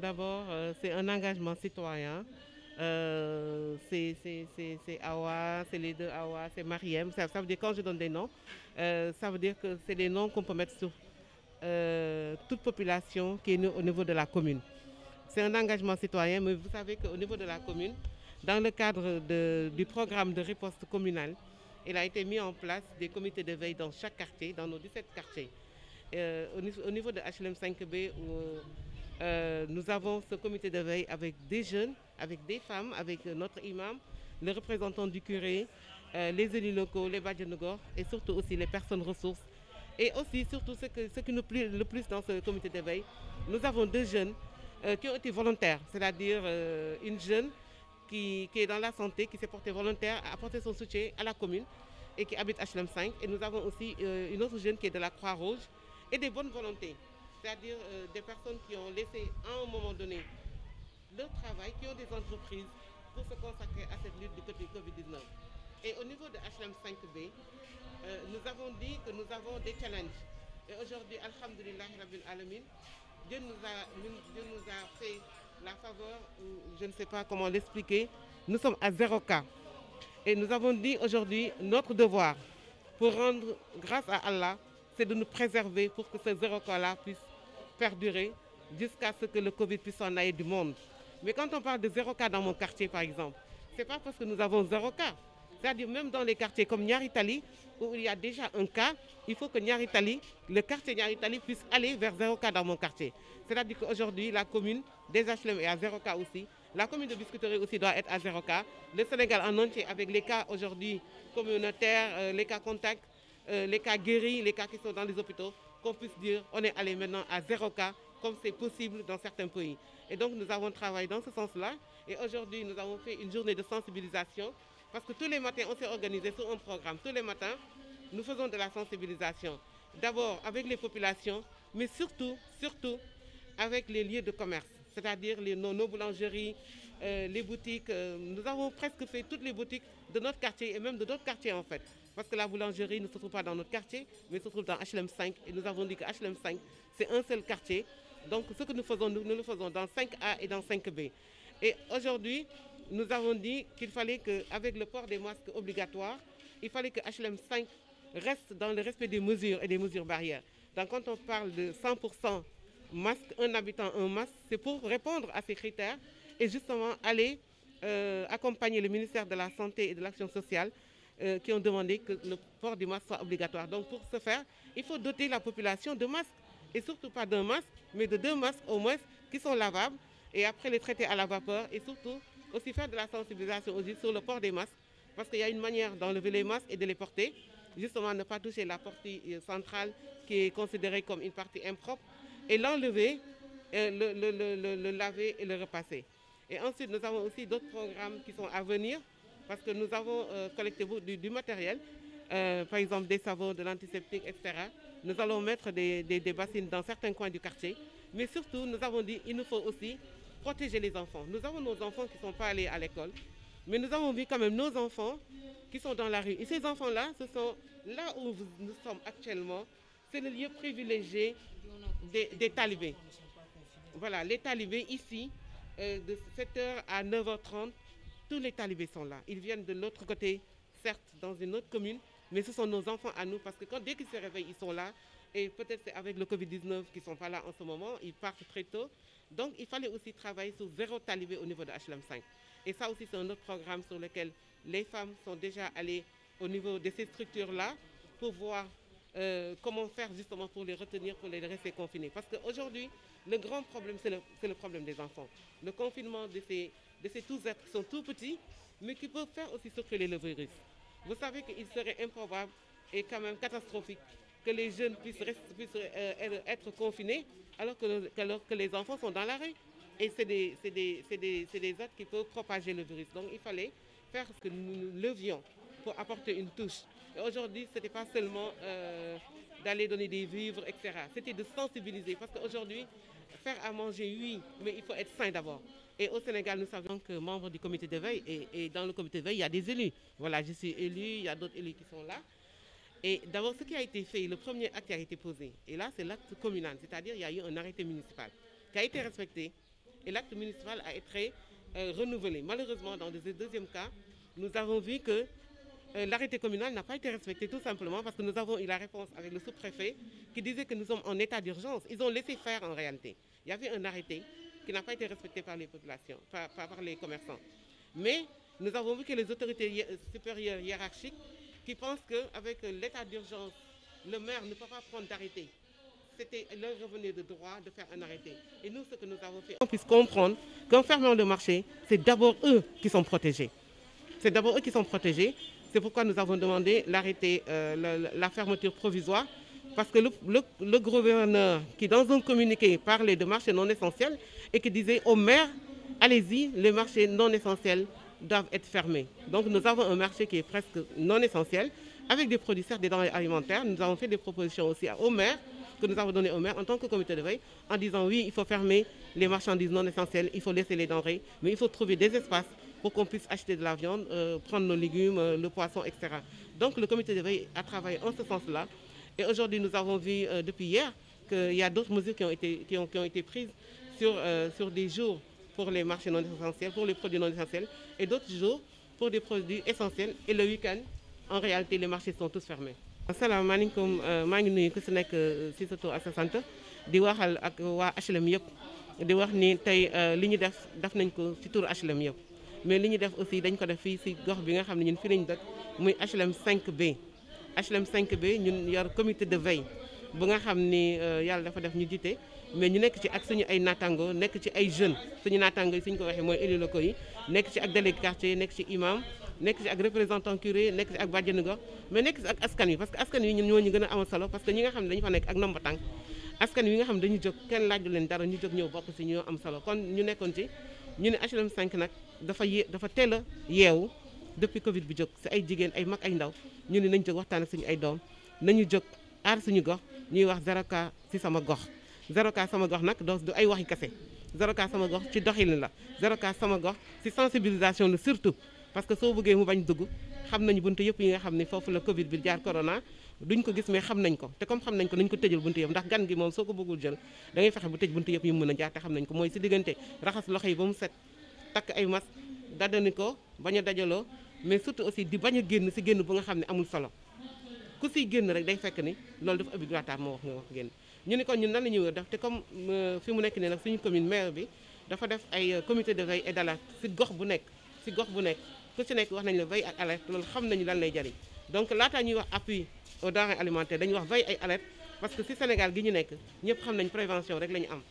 d'abord, euh, c'est un engagement citoyen. Euh, c'est Awa, c'est les deux Awa, c'est Mariem. Ça, veut dire quand je donne des noms, euh, ça veut dire que c'est les noms qu'on peut mettre sur euh, toute population qui est au niveau de la commune. C'est un engagement citoyen, mais vous savez qu'au niveau de la commune, dans le cadre du programme de riposte communale, il a été mis en place des comités de veille dans chaque quartier, dans nos 17 quartiers. au, niveau de HLM 5B, euh, nous avons ce comité de avec des jeunes, avec des femmes, avec euh, notre imam, les représentants du curé, euh, les élus locaux, les Badjanogor et surtout aussi les personnes ressources. Et aussi, surtout, ce, qui nous plaît le plus dans ce comité de nous avons deux jeunes qui ont été volontaires, c'est-à-dire une jeune qui, qui, est dans la santé, qui s'est portée volontaire, a apporté son soutien à la commune et qui habite HLM 5. Et nous avons aussi une autre jeune qui est de la Croix-Rouge et des bonnes volontés c'est-à-dire euh, des personnes qui ont laissé à un moment donné leur travail, qui ont des entreprises pour se consacrer à cette lutte du Covid-19. Et au niveau de HLM 5 b euh, nous avons dit que nous avons des challenges. Et aujourd'hui, Alhamdulillah, Alamin, Dieu nous, a, Dieu nous a fait la faveur, je ne sais pas comment l'expliquer, nous sommes à zéro cas. Et nous avons dit aujourd'hui, notre devoir pour rendre grâce à Allah, c'est de nous préserver pour que ce zéro cas-là puisse perdurer jusqu'à ce que le Covid puisse en aller du monde. Mais quand on parle de zéro cas dans mon quartier, par exemple, ce n'est pas parce que nous avons zéro cas. C'est-à-dire même dans les quartiers comme Niaritali, où il y a déjà un cas, il faut que Nyaritali, le quartier Niaritali puisse aller vers zéro cas dans mon quartier. C'est-à-dire qu'aujourd'hui, la commune des HLM est à zéro cas aussi. La commune de Biscuiterie aussi doit être à zéro cas. Le Sénégal en entier, avec les cas aujourd'hui communautaires, euh, les cas contacts, euh, les cas guéris, les cas qui sont dans les hôpitaux, qu'on puisse dire on est allé maintenant à zéro cas, comme c'est possible dans certains pays. Et donc nous avons travaillé dans ce sens-là. Et aujourd'hui, nous avons fait une journée de sensibilisation parce que tous les matins, on s'est organisé sur un programme. Tous les matins, nous faisons de la sensibilisation. D'abord avec les populations, mais surtout, surtout avec les lieux de commerce, c'est-à-dire nos, boulangeries, euh, les boutiques. Euh, nous avons presque fait toutes les boutiques de notre quartier et même de d'autres quartiers en fait. Parce que la boulangerie ne se trouve pas dans notre quartier, mais se trouve dans HLM5. Et nous avons dit que HLM5, c'est un seul quartier. Donc ce que nous faisons, nous, le faisons dans 5A et dans 5B. Et aujourd'hui, nous avons dit qu'il fallait qu'avec le port des masques obligatoires, il fallait que HLM5 reste dans le respect des mesures et des mesures barrières. Donc quand on parle de 100% masque, un habitant, un masque, c'est pour répondre à ces critères et justement aller euh, accompagner le ministère de la Santé et de l'Action sociale euh, qui ont demandé que le port du masque soit obligatoire. Donc pour ce faire, il faut doter la population de masques, et surtout pas d'un masque, mais de deux masques au moins qui sont lavables, et après les traiter à la vapeur, et surtout aussi faire de la sensibilisation aussi sur le port des masques, parce qu'il y a une manière d'enlever les masques et de les porter, justement ne pas toucher la partie euh, centrale qui est considérée comme une partie impropre, et l'enlever, euh, le laver et le repasser. Et ensuite, nous avons aussi d'autres programmes qui sont à venir, parce que nous avons euh, collecté du, matériel, euh, par exemple des savons, de l'antiseptique, etc. Nous allons mettre des, bassines dans certains coins du quartier. Mais surtout, nous avons dit qu'il nous faut aussi protéger les enfants. Nous avons nos enfants qui ne sont pas allés à l'école, mais nous avons vu quand même nos enfants qui sont dans la rue. Et ces enfants-là, ce sont là où nous sommes actuellement, c'est le lieu privilégié des, talibés. Voilà, les talibés ici, euh, de 7h à 9h30, tous les talibés sont là. Ils viennent de l'autre côté, certes, dans une autre commune, mais ce sont nos enfants à nous parce que quand, dès qu'ils se réveillent, ils sont là. Et peut-être c'est avec le Covid-19 qu'ils ne sont pas là en ce moment, ils partent très tôt. Donc il fallait aussi travailler sur zéro talibé au niveau de HLM5. Et ça aussi, c'est un autre programme sur lequel les femmes sont déjà allées au niveau de ces structures-là pour voir euh, comment faire justement pour les retenir, pour les rester confinés. Parce qu'aujourd'hui, le grand problème, c'est le, problème des enfants. Le confinement de ces, ces tous êtres qui sont tout petits, mais qui peuvent faire aussi circuler le virus. Vous savez qu'il serait improbable et quand même catastrophique que les jeunes puissent, euh, être confinés alors que, alors que les enfants sont dans la rue. Et c'est des, des, qui peuvent propager le virus. Donc il fallait faire ce que nous levions pour apporter une touche aujourd'hui, ce n'était pas seulement euh, d'aller donner des vivres, etc. C'était de sensibiliser. Parce qu'aujourd'hui, faire à manger, oui, mais il faut être sain d'abord. Et au Sénégal, nous savons que membres du comité de veille, et, dans le comité de veille, il y a des élus. Voilà, je suis élu, il y a d'autres élus qui sont là. Et d'abord, ce qui a été fait, le premier acte qui a été posé, et là, c'est l'acte communal, c'est-à-dire il y a eu un arrêté municipal qui a été respecté, et l'acte municipal a été euh, renouvelé. Malheureusement, dans le deuxième cas, nous avons vu que euh, l'arrêté communal n'a pas été respecté tout simplement parce que nous avons eu la réponse avec le sous-préfet qui disait que nous sommes en état d'urgence. Ils ont laissé faire en réalité. Il y avait un arrêté qui n'a pas été respecté par les populations, par, les commerçants. Mais nous avons vu que les autorités euh, supérieures hiérarchiques qui pensent qu'avec l'état d'urgence, le maire ne peut pas prendre d'arrêté. C'était leur revenu de droit de faire un arrêté. Et nous, ce que nous avons fait, on puisse comprendre qu'en fermant le marché, c'est d'abord eux qui sont protégés. C'est d'abord eux qui sont protégés c'est pourquoi nous avons demandé l'arrêté, euh, la, fermeture provisoire, parce que le, gouverneur qui, dans un communiqué, parlait de marchés non essentiels et qui disait au maire, allez-y, les marchés non essentiels doivent être fermés. Donc nous avons un marché qui est presque non essentiel, avec des producteurs des denrées alimentaires. Nous avons fait des propositions aussi au maire, que nous avons données au maire en tant que comité de veille, en disant oui, il faut fermer les marchandises non essentielles, il faut laisser les denrées, mais il faut trouver des espaces pour qu'on puisse acheter de la viande, euh, prendre nos légumes, euh, le poisson, etc. Donc le comité de veille a travaillé en ce sens-là. Et aujourd'hui, nous avons vu euh, depuis hier qu'il y a d'autres mesures qui ont été, prises sur, des jours pour les marchés non essentiels, pour les produits non essentiels, et d'autres jours pour des produits essentiels. Et le week-end, en réalité, les marchés sont tous fermés mais li ñu def aussi dañ ko def fii si gox bi nga xam ne ñun fi lañ dëkk muy HLM 5B HLM 5B ñun yor comité de veille bu nga xam ni euh, yàlla dafa def ñu jité mais ñu nekk ci ak suñu ay naataango nekk ci ay jeunes suñu naataango yi suñ ko waxee mooy élus locaux yi nekk ci ak délégué quartier nekk ci imam nekk ci ak représentant curé nekk ci ak bàjjenu gox mais nekk ci ak askan wi parce que askan wi ñun ñoo ñu gën a amal solo parce que ñi nga xam ne dañu fa nekk ak nomba tànk askan wi nga xam dañu jóg kenn laaju leen dara ñu jóg ñëw bokk si ñoo am solo kon ñu nekkoon ci ñu ne HLM 5 nag dafa ye dafa teel a yeewu depuis Covid bi jóg si ay jigéen ay mag ay ndaw ñu ni nañ jóg waxtaan ak suñu ay doom nañu jóg aar ñu gox ñuy wax zero cas si sama gox. zero sama gox nag doo du ay waxi kase zero cas sama gox ci doxalin la zero cas sama gox si sensibilisation la surtout parce que soo bëggee mu bañ dugg xam nañu buntu yëpp yi nga xam ne foofu la Covid bi jaar corona. duñ ko gis mais xam nañ ko te comme xam nañ ko nañ ko tëjal buntu yëpp ndax gan gi moom soo ko bëggul jël da ngay fexe bu a jaar xam nañ ko mooy si diggante raxas yi ba mu set takk ay masque dadani ko bañ a dajaloo mais surtout aussi di bañ génn si génn bu nga xam ne amul solo ku siy génn rek day fekk ni loolu dafa obligatoire moo wax nga wax génn ñu ne ko ñu nan la ñuy def te comme euh, fi mu nekk nii nag suñu commune maire bi dafa def ay euh, comité de veille et d'alerte si gox bu nekk si gox bu nekk ku si nekk wax nañu la veille ak alerte loolu xam nañu lan lay jariñ donc laataa ñuy wax appui aux denrées alimentaires dañuy wax veille ay alerte parce que si Sénégal gi ñu nekk ñëpp xam nañ prévention rek la am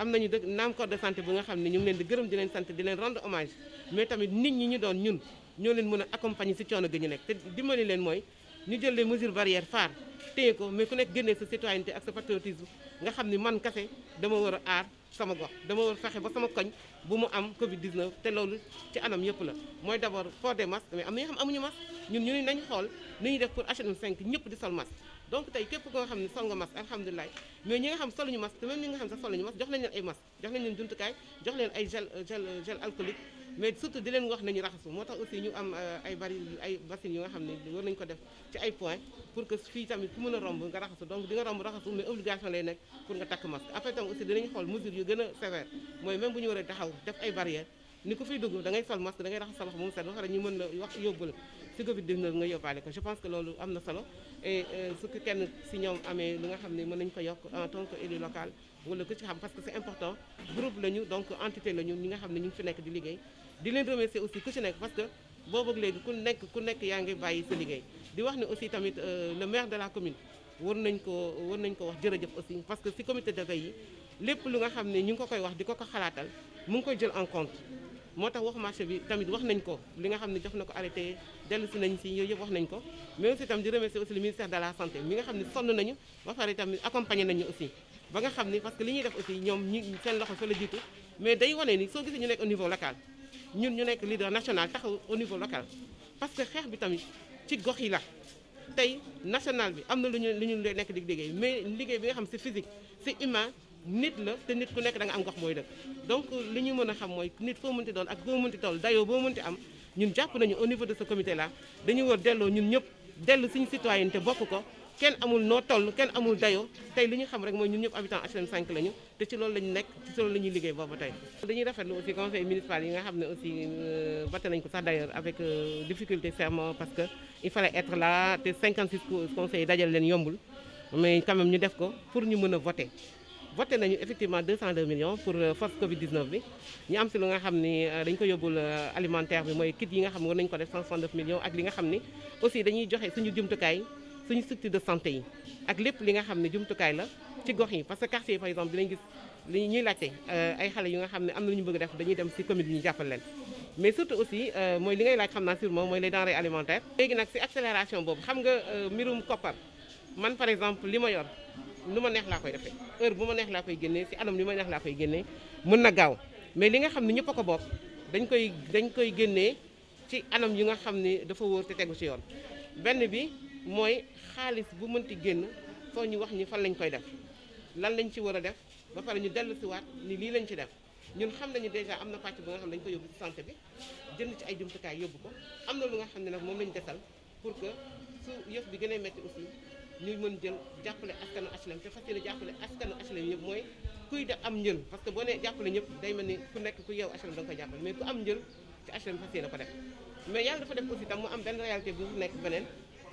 am nañu dëgg naam de santé bu nga xam ne ñu ngi leen di gërëm di leen sant di leen rendre hommage mais tamit nit ñi ñu doon ñun ñoo leen mëna accompagner ci ciono gi ñu nekk te dimbali leen moy ñu jël les mesures barrières phare téye ko mais ku nek génnee sa citoyenneté ak sa patriotisme nga xamni man kase dama war a sama gox dama war a ba sama koñ bu mu am Covid 19 té lolu ci anam yépp la moy d'abord abord port des masques mais am na ñoo xam amuñu masque ñun ñu ne nañu xool ni ñuy def pour HLM 5 ñëpp di sol masque donc tay képp ko xam ne sol nga alhamdulilah mais ñi nga xam soluñu masque te même ñi nga xam sax soluñu masque jox leen leen ay masque jox leen leen jumtukaay jox leen ay gel euh, gel euh, gel alcoolique mais surtout di leen wax nañu raxasu moo tax aussi ñu am euh, ay bari ay bassines yu nga xam ne war nañ ko def ci ay point pour que fii tamit ku mën a romb nga raxasu donc di nga romb raxasu mais obligation lay nekk pour nga takk masque après tam aussi dinañ xool mesure yu gën a sévère mooy même bu ñu war a taxaw def ay barrières ni ku fiy dugg da ngay sol masque da ngay raxas sa loxo mu set ba pare ñu mën la wax yóbbu la ci Covid 19 nga yóbbaale ko je pense que lolu amna solo et su euh, ko kenn si ñom amé lu nga xamné ne mën nañu ko yok en tant que élu local wala ko ci xam parce que c'est important groupe lañu donc entité lañu ñi nga xamné ñu fi nek di liggéey di leen remercier aussi ku ci nek parce que boobu ak léegi ku nek ku nek ya nga bayyi sa liggéey di wax ni aussi tamit euh, le maire de la commune war nañ ko war nañ ko wax jërëjëf aussi parce que si comité de veille yi lépp lu nga xam ne ñu ngi ko koy wax di ko ko xalaatal mu ngi koy jël en compte motax tax wax marché bi tamit wax nañ ko li nga xam ne jox na arrêté delu ci nañ ci yooyu yëpp wax nañ ko mais aussi tam di remercier aussi le ministère de la santé mi nga xam ne sonn nañu wax pare tamit accompagner nañu aussi ba nga xam parce que li ñuy def aussi ñom ñi seen loxo fa la jiitu mais day wone ni so gisee ñu nek au niveau local ñun ñu nek leader national tax au niveau local parce que xex bi tamit ci gox yi la tey national bi amna na lu ñu lu ñu nekk di liggéey mais liggéey bi nga xam c'est physique c'est humain nit la te nit ku nekk da nga am gox mooy dëkk donc li ñu mën a xam mooy nit foo mënti doon ak foo mënti toll dayoo boo mënti am ñun jàpp nañu au niveau de ce comité là dañu war delloo ñun ñëpp dellu suñu citoyenneté bokk ko kenn amul noo toll kenn amul dayoo tey li ñu xam rek mooy ñun ñëpp habitant HLM 5 lañu te ci loolu lañu nekk ci loolu la ñuy liggéey boobu tey. dañuy rafetlu aussi conseil municipal yi nga xam ne aussi batte euh, nañ ko sax d'ailleurs avec euh, difficulté ferme parce que il fallait être là te 56 conseils dajal leen yombul mais quand même ñu def ko pour ñu mën a voter voté nañu effectivement 202 millions pour euh, force Covid 19 bi ñi am ci lu nga xamni euh, dañ ko yóbbul euh, alimentaire bi moy kit yi nga xam won nañ ko def 169 millions ak li nga xamni aussi dañuy joxe suñu jumtukaay suñu structure de santé yi ak lepp li nga xamni ne jumtukaay la ci gox yi parce que quartier par exemple dinañ gis li ñuy laajte ay xalé yu nga xamni am nañu bëgg def dañuy dem ci commune ñu jappal leen mais surtout aussi moy li ngay laaj xamna naa sûrement mooy les denrées alimentaires légui nak ci accélération bobu xam nga mirum koppar man par exemple li ma yor lu ma neex laa koy defee heure bu ma neex laa koy génnee si anam li ma neex laa koy génnee mën na gaaw mais li nga xam ne ñëpp a ko bokk dañ koy dañ koy génnee ci anam yi nga xam ni dafa wóor te tegu ci yoon benn bi mooy xaalis bu mënti génn foo ñu wax ñi fan lañ koy def lan lañ ci war a def ba pare ñu dellu si siwaat ni lii lañ ci def ñun xam nañu déjà am na pàcc bu nga xam ne dañ ko yóbbu ci santé bi jënd ci ay jumtukaay yóbbu ko am na lu nga xam ne nag moom lañ desal pour que su yëf bi gën a aussi ñuy mën jël jàppale askanu aslam te fas yéene jàppale askanu aslam ñëpp mooy kuy da am njël parce que boo nee jàppale ñëpp day mel ni ku nekk ku yow aslam da nga koy jàppale mais ku am njël ci aslam fas yéene ko def mais yàlla dafa def aussi tam mu am benn réalité bu nekk beneen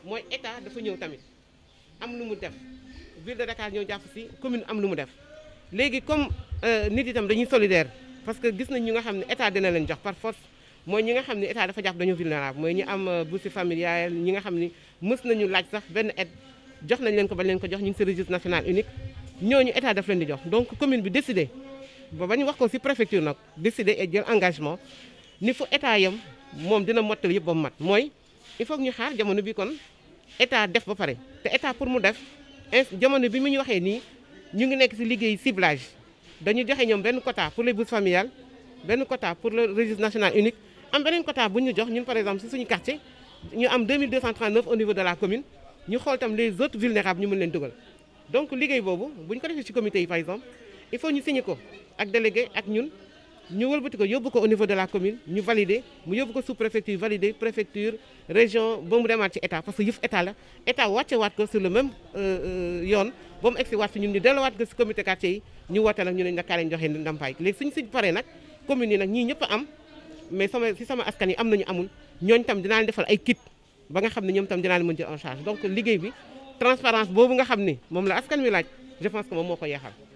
mooy état dafa ñëw tamit am lu mu def ville de Dakar ñëw jàpp si commune am lu mu def léegi comme euh, nit yi tam dañuy solidaire parce que gis nañ ñu nga xam ne état dina leen jox par force mooy ñi nga xam ne état dafa jàpp dañu vulnérable mooy ñi am euh, bourse familiale ñi nga xam ne mës nañu laaj sax benn aide jox nañ leen ko bañ leen ko jox ñu ngi registre national unique ñooñu état daf leen di jox donc commune bi décidé ba bañ wax ko si préfecture nag décidé et jël engagement ni fu état yam moom dina mottal yëpp ba mat mooy il faut ñu xaar jamono bi kon état def ba pare te état pour mu def jamono bi mu ñu waxee nii ñu ngi nekk si liggéey ciblage dañu joxe ñoom benn quota pour les bourses familiales benn quota pour le registre national unique am beneen quota bu ñu jox ñun par exemple si suñu quartier ñu am 2239 au niveau de la commune ñu xool tam les autres vulnérables ñu mën leen dugal donc liggéey boobu buñ ko defee ci comité yi par exemple il faut ñu signé ko ak délégué ak ñun ñu wëlbati ko yóbbu ko au niveau de la commune ñu valider mu yóbbu ko sous préfecture valider préfecture région ba mu demaat ci état parce que yëf état la état wàcce waat ko sur le même euh, euh, yoon ba mu egsi waat si ñun ñu delluwaat ko si comité quartier yi ñu woote nag ñu ne naka lañ joxe ndàmpaay léegi suñ si paree nag commune yi nag ñii ñëpp am mais sama si sama askan yi am nañu amul ñooñu tam dinaa leen defal ay kit ba nga xam ne ñoom itam dinaa leen mën jël en charge donc liggéey bi transparence boobu nga xam ni moom la askan wi laaj je pense que moom moo ko yeexal